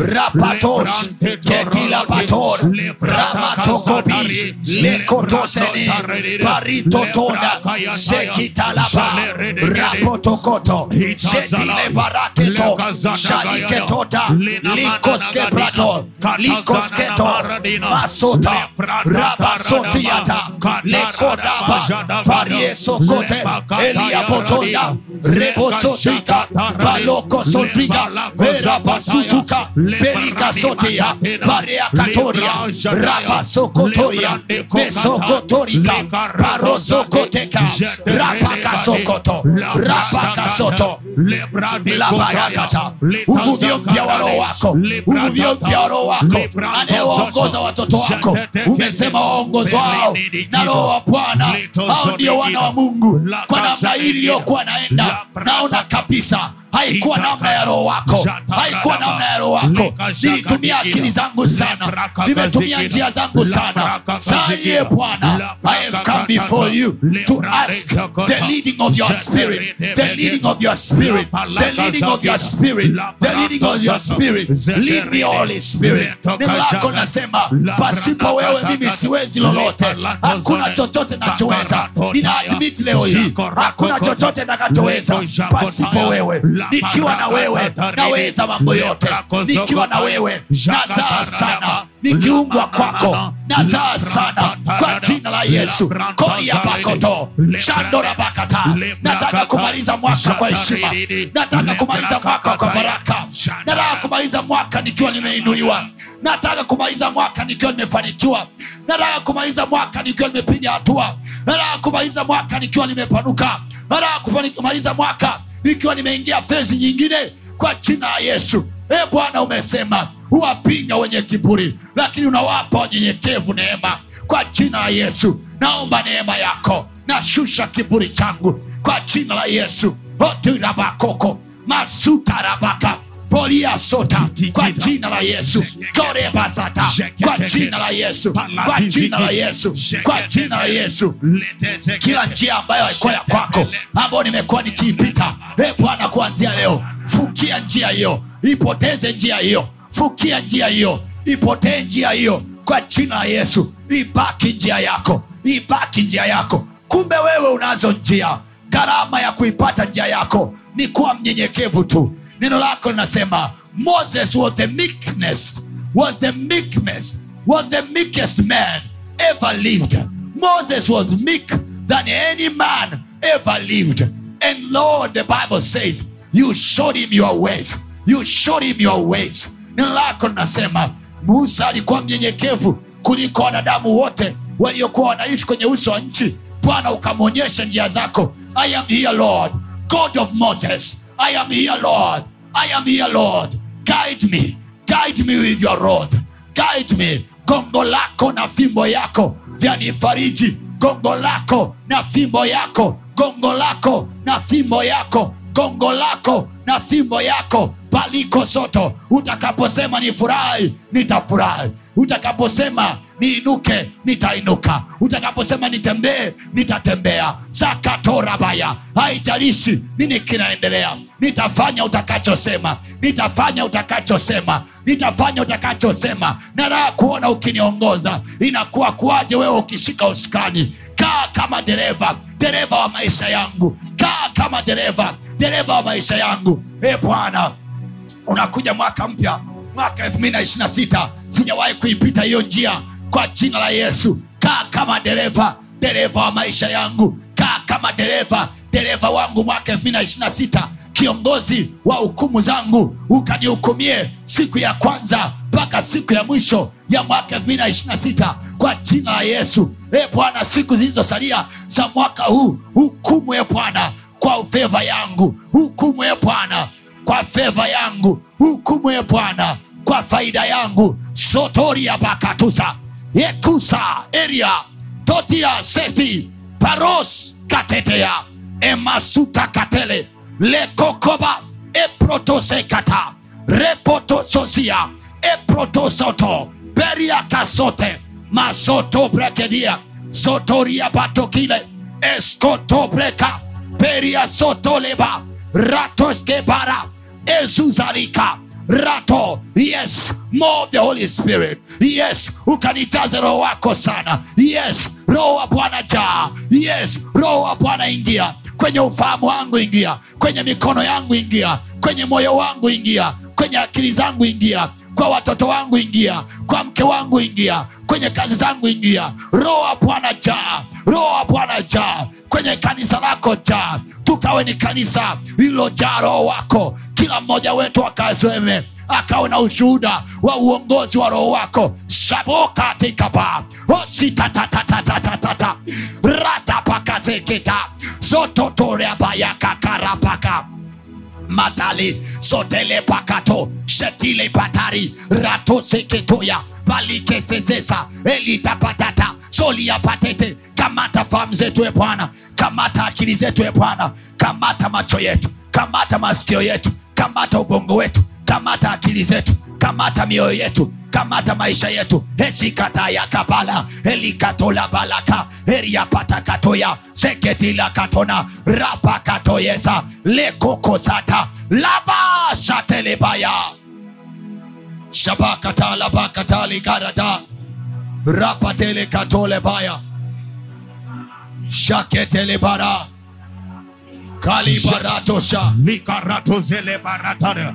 rapatos ketilapator ramatokopi lekotosene paritotona sekitalapa rapotokoto setile baraketo shaliketota likoskeprato likosketo masota rabasotiata lekodaba pariesokote eliapotonda rebosotika balokosotika erabasutuka belikasotea bareakatoria rabasokotoria besokotorika barozokoteka rapakasokoto rapakasoto labayakata uvuvio mpya wa roho wako uvuvio mpya wa roho wako anayewaongoza watoto wako umesema waongozo wao na roho wa bwana hao ndio wana wa mungu kwa namna hii iliyokuwa naenda naona kabisa haikuwa namna ya roho wako haikuwa namna ya roho wako nilitumia akili zangu sana nimetumia njia zangu sana saye bwana come before you to ask the leading of your spirit the leading of your spirit the leading of your spirit the leading of your spirit lead me holy spirit neno lako nasema pasipo wewe mimi siwezi lolote hakuna chochote nachoweza ninaadmit leo hii hakuna chochote nakachoweza pasipo wewe nikiwa na wewe naweza mambo yote nikiwa na wewe nazaa sana nikiungwa kwako nazaa sana kwa jina la yesu shandora shandorabakata nataka kumaliza mwaka kwa heshima nataka kumaliza mwaka kwa baraka nataka kumaliza mwaka nikiwa nimeinuliwa nataka kumaliza mwaka nikiwa nimefanikiwa nataka kumaliza mwaka nikiwa nimepiga hatua nataka kumaliza mwaka nikiwa nimepanuka nataka kumaliza mwaka ikiwa nimeingia fezi nyingine kwa jina ya yesu e bwana umesema huwapinga wenye kiburi lakini unawapa wanyenyekevu neema kwa jina ya yesu naomba neema yako nashusha kiburi changu kwa jina la yesu otirabakoko masutarabaka polia sota kwa jina la yesu korebasata kwa jina la yesu kwa jina la yesu kwa jina la yesu kila njia ambayo haikuwa ya kwako ambayo nimekuwa nikiipita e bwana kuanzia leo fukia njia hiyo ipoteze njia hiyo fukia njia hiyo ipotee njia hiyo kwa jina la yesu ibaki njia yako ibaki njia yako kumbe wewe unazo njia gharama ya kuipata njia yako ni kuwa mnyenyekevu tu neno lako linasema moses was the meekness was the meekness was the meekest man ever lived moses was meek than any man ever lived and lord the bible says you showed him your ways you showed him your ways neno lako linasema musa alikuwa mnyenyekevu kuliko wanadamu wote waliokuwa wanaishi kwenye uso wa nchi bwana ukamwonyesha njia zako i am here lord god of moses I am here, Lord. I am here, Lord. Guide me. Guide me with your rod. Guide me. Gongo lako na fimbo yako vyanifariji. Gongo lako na fimbo yako. Gongo lako na fimbo yako. Gongo lako na fimbo yako paliko soto utakaposema ni furahi nitafurahi utakaposema niinuke nitainuka utakaposema nitembee nitatembea zakatorabaya haijalishi nini kinaendelea nitafanya utakachosema nitafanya utakachosema nitafanya utakachosema na raha kuona ukiniongoza inakuwa kuwaje wewe ukishika usukani kaa kama dereva dereva wa maisha yangu kaa kama dereva dereva wa maisha yangu e bwana unakuja mwaka mpya mwaka 226 sijawahi kuipita hiyo njia kwa jina la yesu kaa kama dereva dereva wa maisha yangu kaa kama dereva dereva wangu mwaka 226 kiongozi wa hukumu zangu ukanihukumie siku ya kwanza mpaka siku ya mwisho ya mwaka 226 kwa jina la yesu e bwana siku zilizosalia za mwaka huu hukumu e bwana kwa ufeva yangu hukumu e bwana kwa fedha yangu hukumu ye bwana kwa faida yangu sotoria bakatusa yekusa eria totia seti paros katetea emasuta katele lekokoba eprotosekata repotososia eprotosoto beria kasote masoto brekedia sotoria batokile eskotobreka beria sotoleba ratoskebara ezuzarika rato yes more of the holy spirit yes ukanijaze roho wako sana yes roho wa bwana jaa yes roho wa bwana ingia kwenye ufahamu wangu ingia kwenye mikono yangu ingia kwenye moyo wangu ingia kwenye akili zangu ingia kwa watoto wangu ingia kwa mke wangu ingia kwenye kazi zangu ingia roho wa bwana jaa roho wa bwana jaa kwenye kanisa lako jaa tukawe ni kanisa lililojaa roho wako kila mmoja wetu akaseme akawe na ushuhuda wa uongozi wa roho wako shabokatikapa ositatatatatatata oh, ratapakazeketa zototoreabayakakarapaka matale sotele pakato shetile patari ratoseketoya balikesezesa elitapatata solia patete kamata famu zetu e bwana kamata akili zetu e bwana kamata macho yetu kamata masikio yetu kamata ubongo wetu kamata akili zetu kamata mioyo yetu kamata maisha yetu hesikatayakabala helikatolabalaka heriapatakatoya seketilakatona rapakatoyesa lekokosata labashatelebaya shabakata labakataligarata rapatelekatolebaya shaketelebara kalibaratosha likaratozelebaratara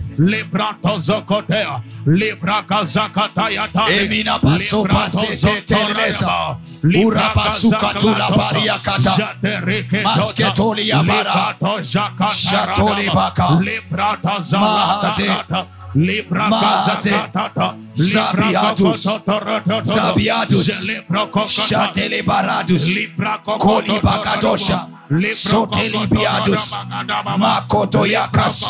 Librato zokotea emina paso pase teteleza urabasuka tula baria maze zabiatus zabiatus shatelebaradus kolibakadosha sotelibiadus makotoyakas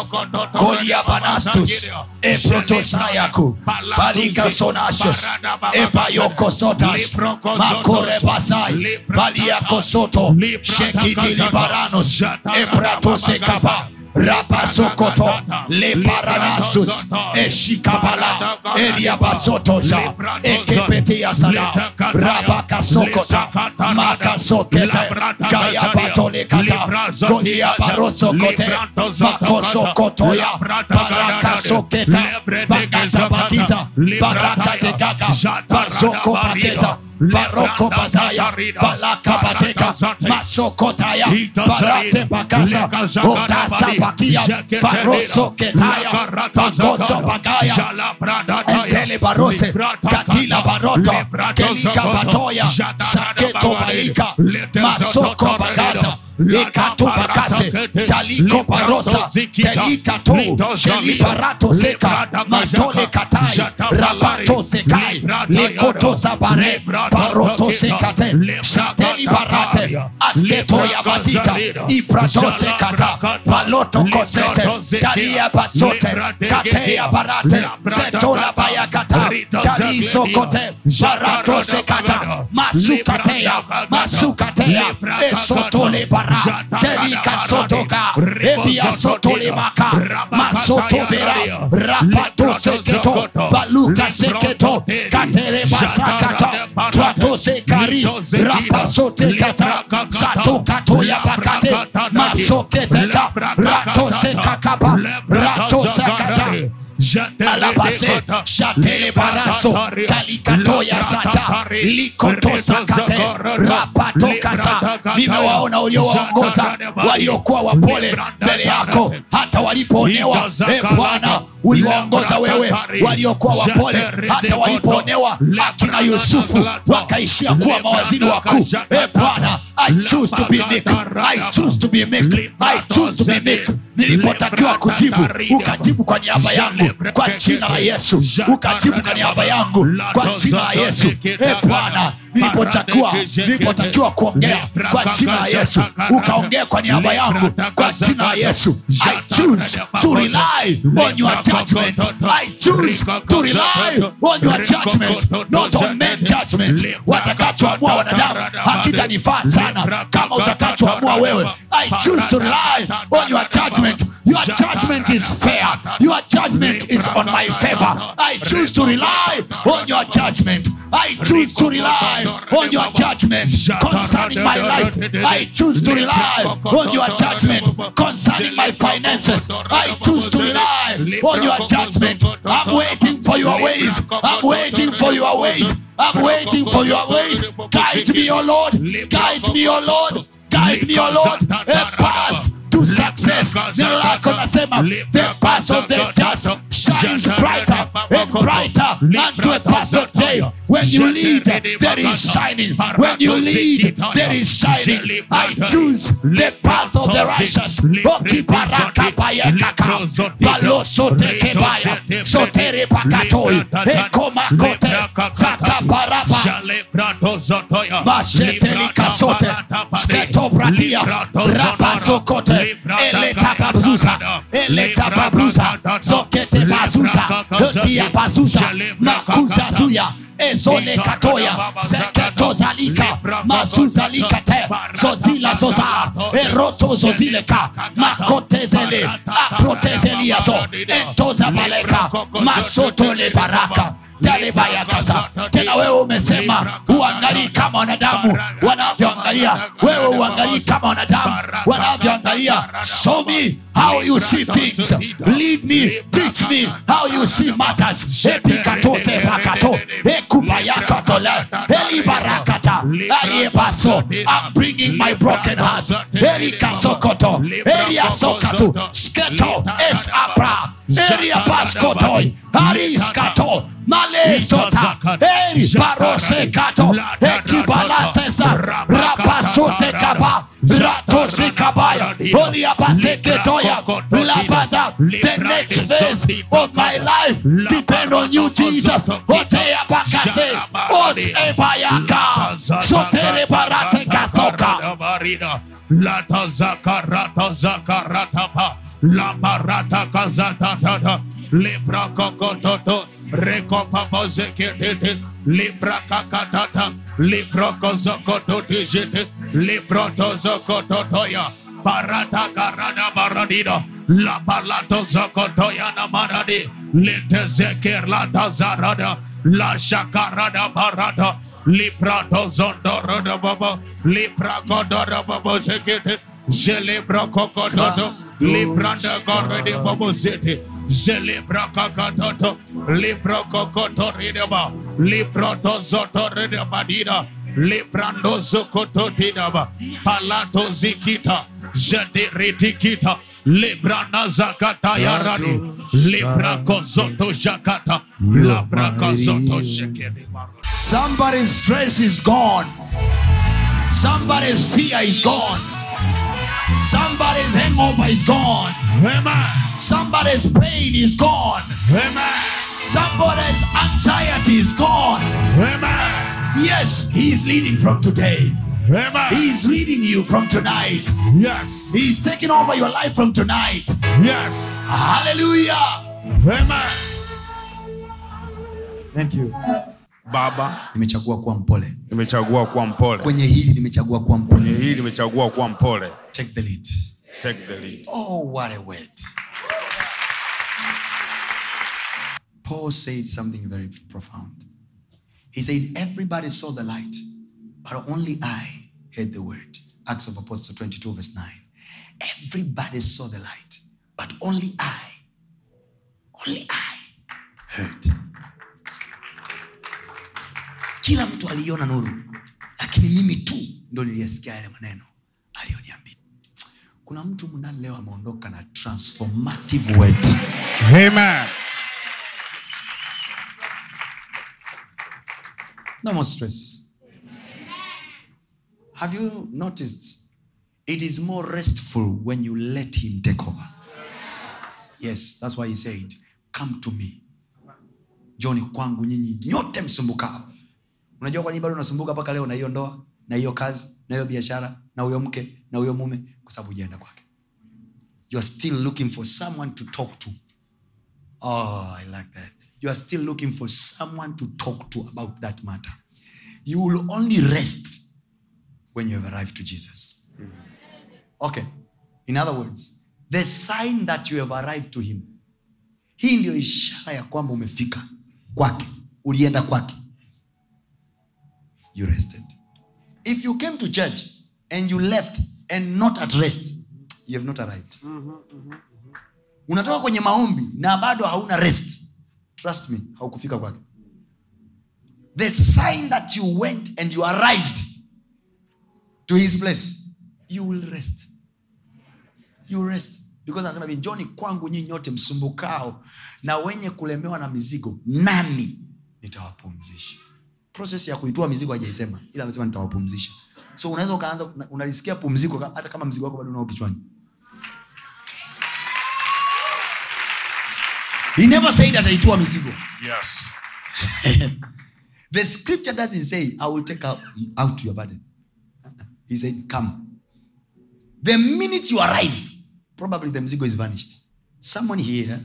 koliabanastus eprotosayaku balikasonashus ebayokosotas makorebasai baliakosoto shekitilibaranus epratosekaba rapasokoto leparanastus eshikabala eriabasotoja ekepeteasada rabakasokota makasokete gayabatolekata goniabarosokote makosokotoya barakasoketa bakatabakiza barakategaga basokopaketa baroko bazaya bateka masokotaya barate bakasa otasabakia barosoketaya bagozo bagaya entele barose katila baroto kelika batoya saketo balika masoko bagaza likatubakase talikobarosa telikato shelibarato seka matole katai rabato sekai lekoto zabare baroto sekate satelibarate asketoyabatita ibrato sekata baloto kosete dalia basote kateya barate setolabayakata dalisokote barato sekata masukateya masukateya esotole barate delika sotoka ebia sotolemaka masotobera rapato seketo baluka seketo kateremasakata twatosekari rapasotekata satokatoyabakate masoketeka ratosekakapa ratosekata alabase shatele barazo kalikatoya sata likotosakate rapatokasa nimewaona uliowaongoza waliokuwa wapole mbele yako hata walipoonewa e bwana uliwaongoza wewe waliokuwa wapole hata walipoonewa akina yusufu wakaishia kuwa mawaziri wakuu e bwana nilipotakiwa kujibu ukajibu kwa niaba yangu kwa jina la yesu ukajibu kwa niaba yangu kwa jina la yesu e bwana nilipotakiwa nilipotakiwa kuongea kwa jina ya yesu ukaongea kwa niaba yangu kwa jina ya yesu i choose to rely on your judgment i choose to rely on your judgment not on men judgment watakachoamua wanadamu hakitanifaa sana kama utakachoamua wewe i choose to rely on your judgment your judgment is fair your judgment is on my favor i choose to rely on your judgment i choose to rely on your judgment concerning my life. I choose to rely on your judgment concerning my finances. I choose to rely on your judgment. I'm waiting for your ways. I'm waiting for your ways. I'm waiting for your ways. Guide me, O Lord. Guide me, O Lord. Guide me, O Lord. A path to The Nilako of the path of the just shines brighter and brighter unto a perfect day. When you lead, there is shining. When you lead, there is shining. I choose the path of the righteous. sote sketo bratia rapa zokote eleta eletababruza eleta babuza zokete bazuza tia bazuza makuza zuya ezole katoya zeketozalika mazuzalikate zozila zoza eroto zozileka makotezele aprotezeliazo etozabaleka masotole baraka dalibayakaza tena wewe umesema huangalii kama wanadamu wanavyoangalia wewe uangalii kama wanadamu wanavyoangalia show me how you see things lead me teach me how you see matters epikatose pakato ekubayakatole elibarakata ayebaso i'm bringing my broken heart erikasokoto eriasokatu sketo es esabra eria ariskato malesota eri parosekato ekibalatsesa rapasotekaba ratosekabaya oniabaseketoya lapaza the next phase of my life depend on you jesus oteyabakase os ebayaka soterebaratekasokaaina Lata zakarata zakarata pa. La parata kazata tata. Libra kokototo. Recopa bozekete. Libra kakatata. Libra kozokoto dijete. Libro tozokototoya. Parata Karada Baradino, La Palato Zokotoyana Maradi, Lete lata Zarada, La Shakarada Barada, Liprato Zondorada Baba, Lipragodora Baba Zekit, Zelebra Kokodoto, Lipranda Goredi Babo Zeti, Zelebra Kakadoto, Libro Kokoto Ridaba, Liproto Zoto Ridabadina, Liprando Zokoto tidaba. Palato Zikita, yarani. kozoto kozoto shekeli Somebody's stress is gone. Somebody's fear is gone. Somebody's hangover is gone. Amen. Somebody's pain is gone. Amen. Somebody's anxiety is gone. Amen. Yes, he's leading from today. Amen. He's reading you from tonight. Yes. He's taking over your life from tonight. Yes. Hallelujah. Amen. Thank you. Baba, nimechagua kuwa mpole. Nimechagua kuwa mpole. Kwenye hili nimechagua kuwa mpole. Kwenye hili nimechagua kuwa mpole. Take the lead. Take the lead. Oh, what a word. Paul said something very profound. He said everybody saw the light. But only I heard the word. Acts of Apostles 22, verse 9. Everybody saw the light, but only I, only I heard. Kila mtu aliona nuru, lakini mimi tu ndo niliyesikia yale maneno aliyoniambia. Kuna mtu mnani leo ameondoka na transformative word. Amen. No more stress. Have you noticed? It is more restful when you let Him take over. Yes, that's why He said, Come to me. Joni kwangu nyinyi nyote msumbuka. Unajua kwa nini bado unasumbuka mpaka leo na hiyo ndoa na hiyo kazi na hiyo biashara na huyo mke na huyo mume? Kwa sababu hujaenda kwake. You are still looking for someone to talk to. Oh, I like that. You are still looking for someone to talk to about that matter. You will only rest when you have arrived to Jesus. Mm-hmm. Okay. In other words, the sign that you have arrived to him. Hii ndio ishara ya kwamba umefika kwake, ulienda kwake. You rested. If you came to church and you left and not at rest, you have not arrived. Mm-hmm, mm-hmm, Unatoka kwenye maombi na bado hauna rest. Trust me, haukufika kwake. The sign that you went and you arrived to his place you will rest you will rest because anasema hivi njoni kwangu nyinyi nyote msumbukao na wenye kulemewa na mizigo nami nitawapumzisha process ya kuitua mizigo hajaisema ila amesema nitawapumzisha so unaweza ukaanza unalisikia pumziko hata kama mzigo wako bado unao kichwani he never said that I a mizigo yes. (laughs) the scripture doesn't say i will take out your burden he said come the minute you arrive probably the mzigo is vanished someone here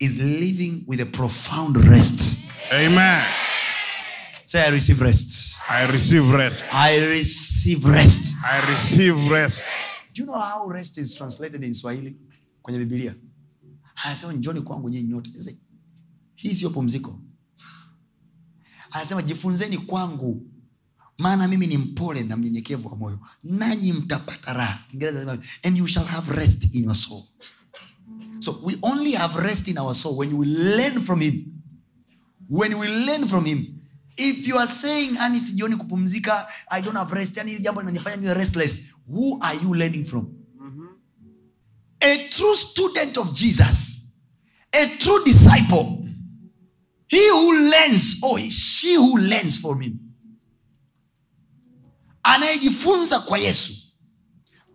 is living with a profound rest amen Say, I receive rest. I receive rest. I receive rest. I receive rest. Do you know how rest is translated in Swahili kwenye Biblia? Anasema njoni kwangu nyinyi nyote. Hii siyo pumziko. Anasema jifunzeni kwangu maana mimi ni mpole na mnyenyekevu wa moyo nanyi mtapata raha in so we only have rest in our soul when we learn from him when we learn from him if you are saying ani sijioni kupumzika i don't have rest yani jambo linanifanya niwe restless who are you learning from mm-hmm. a true student of jesus a true disciple he who learns or oh, she who learns from him anayejifunza kwa yesu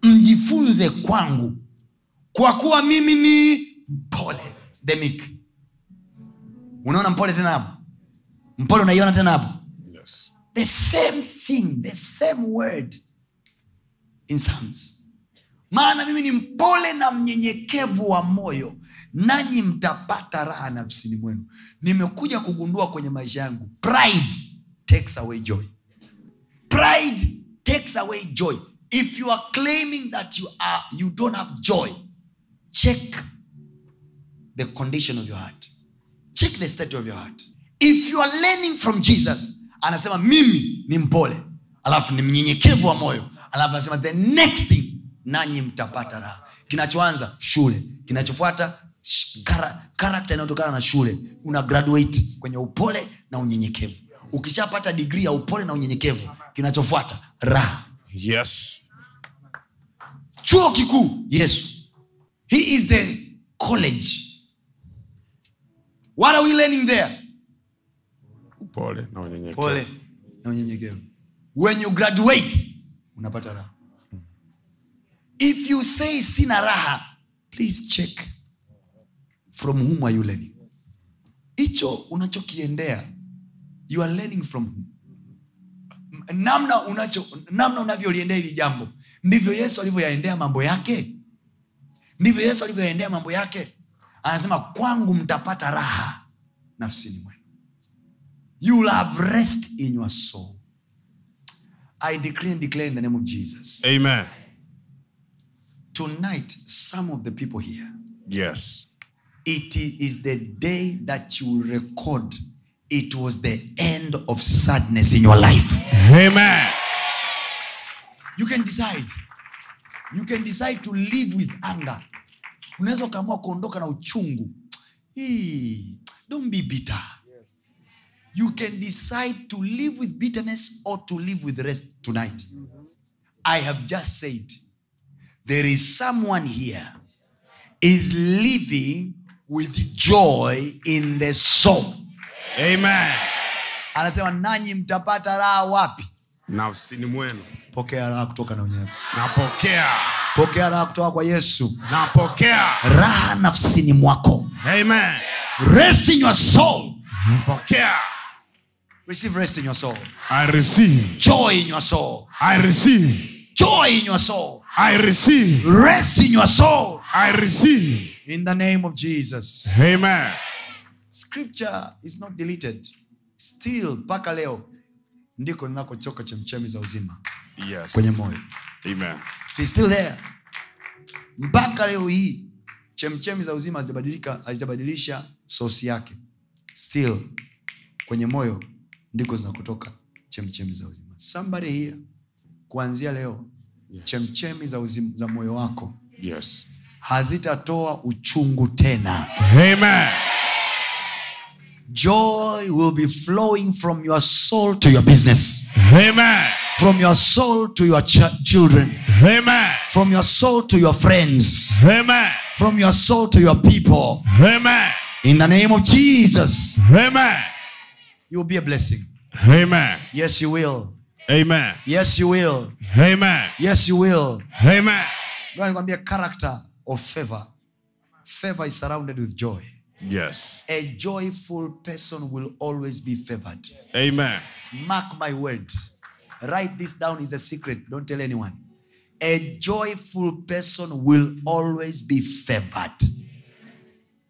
mjifunze kwangu kwa kuwa mimi ni mpole demik unaona mpole tena hapo mpole unaiona tena hapo yes. the same thing the same word in Psalms. maana mimi ni mpole na mnyenyekevu wa moyo nanyi mtapata raha nafsini mwenu nimekuja kugundua kwenye maisha yangu pride takes away joy pride takes away joy if you are claiming that you are you don't have joy check the condition of your heart check the state of your heart if you are learning from jesus anasema mimi ni mpole alafu ni mnyenyekevu wa moyo alafu anasema the next thing nanyi mtapata raha kinachoanza shule kinachofuata karakta inayotokana na shule una graduate kwenye upole na unyenyekevu ukishapata digri ya upole na unyenyekevu kinachofuata raha yes. chuo kikuu yesu he is the college what are we learning there upole na unyenyekevu when you graduate unapata raha if you say sina raha please check from whom are you learning hicho unachokiendea you are learning from namna unacho namna unavyoliendea hili jambo ndivyo yesu alivyoyaendea mambo yake ndivyo yesu alivyoyaendea mambo yake anasema kwangu mtapata raha nafsini mwenu you will have rest in your soul i decree and declare in the name of jesus amen tonight some of the people here yes it is the day that you record it was the end of sadness in your life. Amen. You can decide. You can decide to live with anger. Unaweza ukaamua kuondoka na uchungu. don't be bitter. You can decide to live with bitterness or to live with rest tonight. I have just said there is someone here is living with joy in the soul. amen anasema nanyi mtapata raha wapi nafsini mwenu pokea raha kutoka na unyevu napokea pokea raha kutoka kwa yesu napokea raha nafsini mwako amen rest in your soul pokea receive rest in your soul i receive joy in your soul i receive joy in your soul i receive rest in your soul i receive in the name of jesus amen Scripture is not deleted. Still mpaka leo ndiko ninakotoka chemchemi za uzima yes. kwenye moyo Amen. It is still there. Mpaka leo hii chemchemi za uzima hazijabadilika, hazijabadilisha sosi yake. Still kwenye moyo ndiko zinakotoka chemchemi za uzima. Somebody here, kuanzia leo yes. chemchemi za, uzim, za moyo wako yes. hazitatoa uchungu tena Amen joy will be flowing from your soul to your business amen from your soul to your ch- children amen from your soul to your friends amen from your soul to your people amen in the name of jesus amen you will be a blessing amen yes you will amen yes you will amen yes you will amen nikwambia character of favor favor is surrounded with joy Yes. A joyful person will always be favored. Amen. Mark my word. Write this down is a secret. Don't tell anyone. A joyful person will always be favored.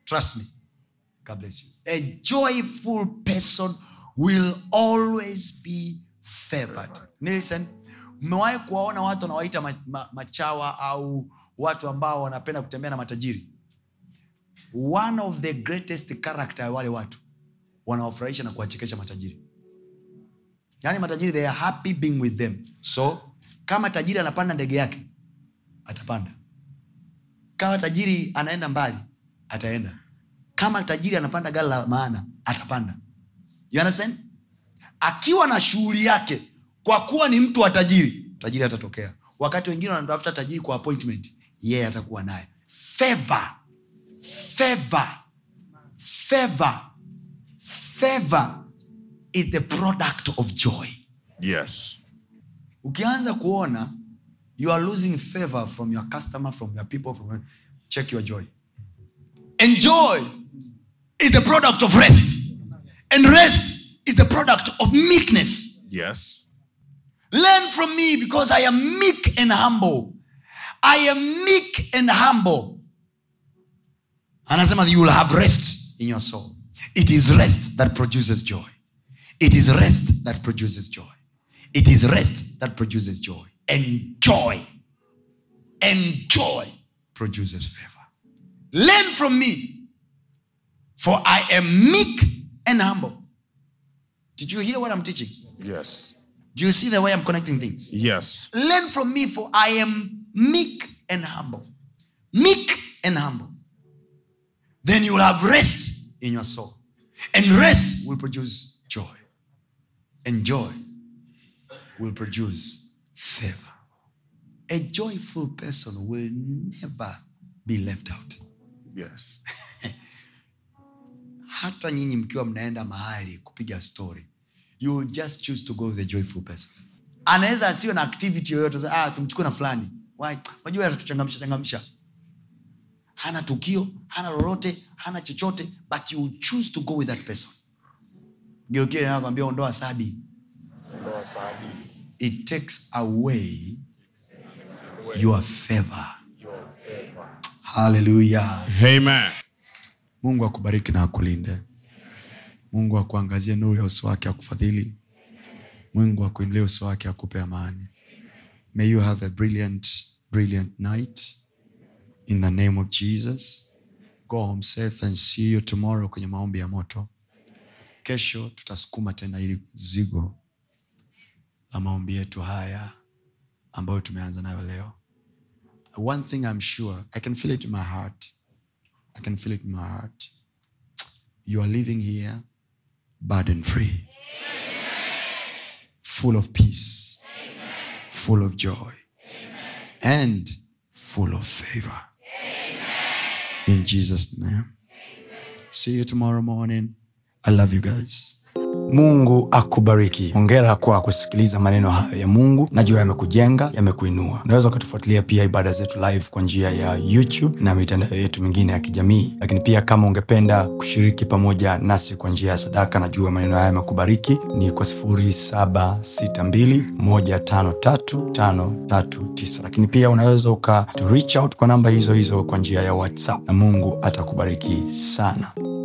Trust me. God bless you. A joyful person will always be favored. Nilsen, mmewahi kuwaona watu wanawaita machawa au watu ambao wanapenda kutembea na matajiri? one of the greatest character ya wale watu wanawafurahisha na kuwachekesha matajiri yani matajiri they are happy being with them so kama tajiri anapanda ndege yake atapanda kama tajiri anaenda mbali ataenda kama tajiri anapanda gari la maana atapanda understand? akiwa na shughuli yake kwa kuwa ni mtu wa tajiri tajiri atatokea wakati wengine wanatafuta tajiri kwa appointment yeye yeah, atakuwa naye favor favor favor is the product of joy yes ukianza kuona you are losing favor from your customer from your people from your, check your joy and joy is the product of rest and rest is the product of meekness yes learn from me because i am meek and humble i am meek and humble anasema you will have rest in your soul it is rest that produces joy it is rest that produces joy it is rest that produces joy and joy and joy produces favor learn from me for i am meek and humble did you hear what i'm teaching yes do you see the way i'm connecting things yes learn from me for i am meek and humble meek and humble then you will have rest in your soul and rest will produce joy and joy will produce favor a joyful person will never be left out yes (laughs) hata nyinyi mkiwa mnaenda mahali kupiga story you will just choose to go with a joyful person anaweza asiwe na activity yoyote ah, tumchukue na fulani unajua atatuchangamsha changamsha hana tukio hana lolote hana chochote but you choose to go with that person geukile nakwambia ondoa sadi it takes away your favor haleluya mungu akubariki na akulinde mungu akuangazie nuru ya uso wake akufadhili mungu akuinulie uso wake akupe amani may you have a brilliant brilliant night in the name of Jesus. Go home safe and see you tomorrow kwenye maombi ya moto. Kesho tutasukuma tena ili zigo la maombi yetu haya ambayo tumeanza nayo leo. One thing I'm sure, I can feel it in my heart. I can feel it in my heart. You are living here burden free, full of peace, full of joy, and full of favor in Jesus' name. See you tomorrow morning. I love you guys. Mungu akubariki. Hongera kwa kusikiliza maneno hayo ya Mungu, najua yamekujenga, yamekuinua. Unaweza ukatufuatilia pia ibada zetu live kwa njia ya YouTube na mitandao yetu mingine ya kijamii, lakini pia kama ungependa kushiriki pamoja nasi kwa njia ya sadaka, najua maneno hayo yamekubariki, ni kwa 0762153539 lakini pia unaweza ukatu reach out kwa namba hizo hizo kwa njia ya WhatsApp na Mungu atakubariki sana.